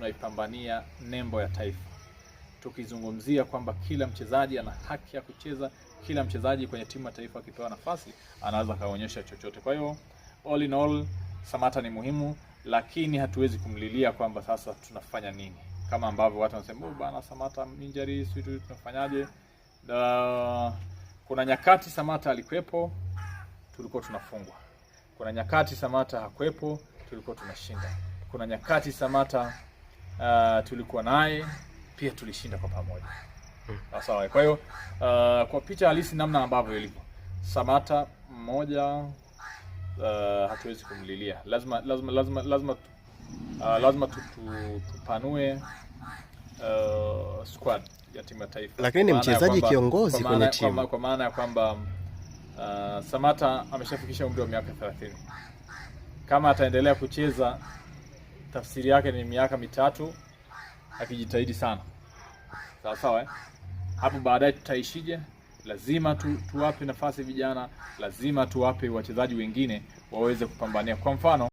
tunaipambania nembo ya taifa, tukizungumzia kwamba kila mchezaji ana haki ya kucheza, kila mchezaji kwenye timu ya taifa akipewa nafasi anaweza akaonyesha chochote. Kwa hiyo all in all, Samata ni muhimu, lakini hatuwezi kumlilia kwamba sasa tunafanya nini, kama ambavyo watu wanasema oh, bana, Samata injury, sisi tunafanyaje? Da, kuna nyakati Samata alikuwepo tulikuwa tunafungwa. Kuna nyakati Samata hakuwepo tulikuwa tunashinda. Kuna nyakati Samata uh, tulikuwa naye pia tulishinda kwa pamoja hmm. Ah, sawa. Kwa hiyo uh, kwa picha halisi namna ambavyo ilivyo Samata mmoja uh, hatuwezi kumlilia, lazima lazima lazima lazima uh, lazima tupanue uh, squad ya timu ya taifa, lakini ni mchezaji kiongozi kwenye timu, kwa maana ya kwamba uh, Samata ameshafikisha umri wa miaka 30. Kama ataendelea kucheza tafsiri yake ni miaka mitatu akijitahidi sana, sawa sawa eh? Hapo baadaye tutaishije? Lazima tu, tuwape nafasi vijana, lazima tuwape wachezaji wengine waweze kupambania. Kwa mfano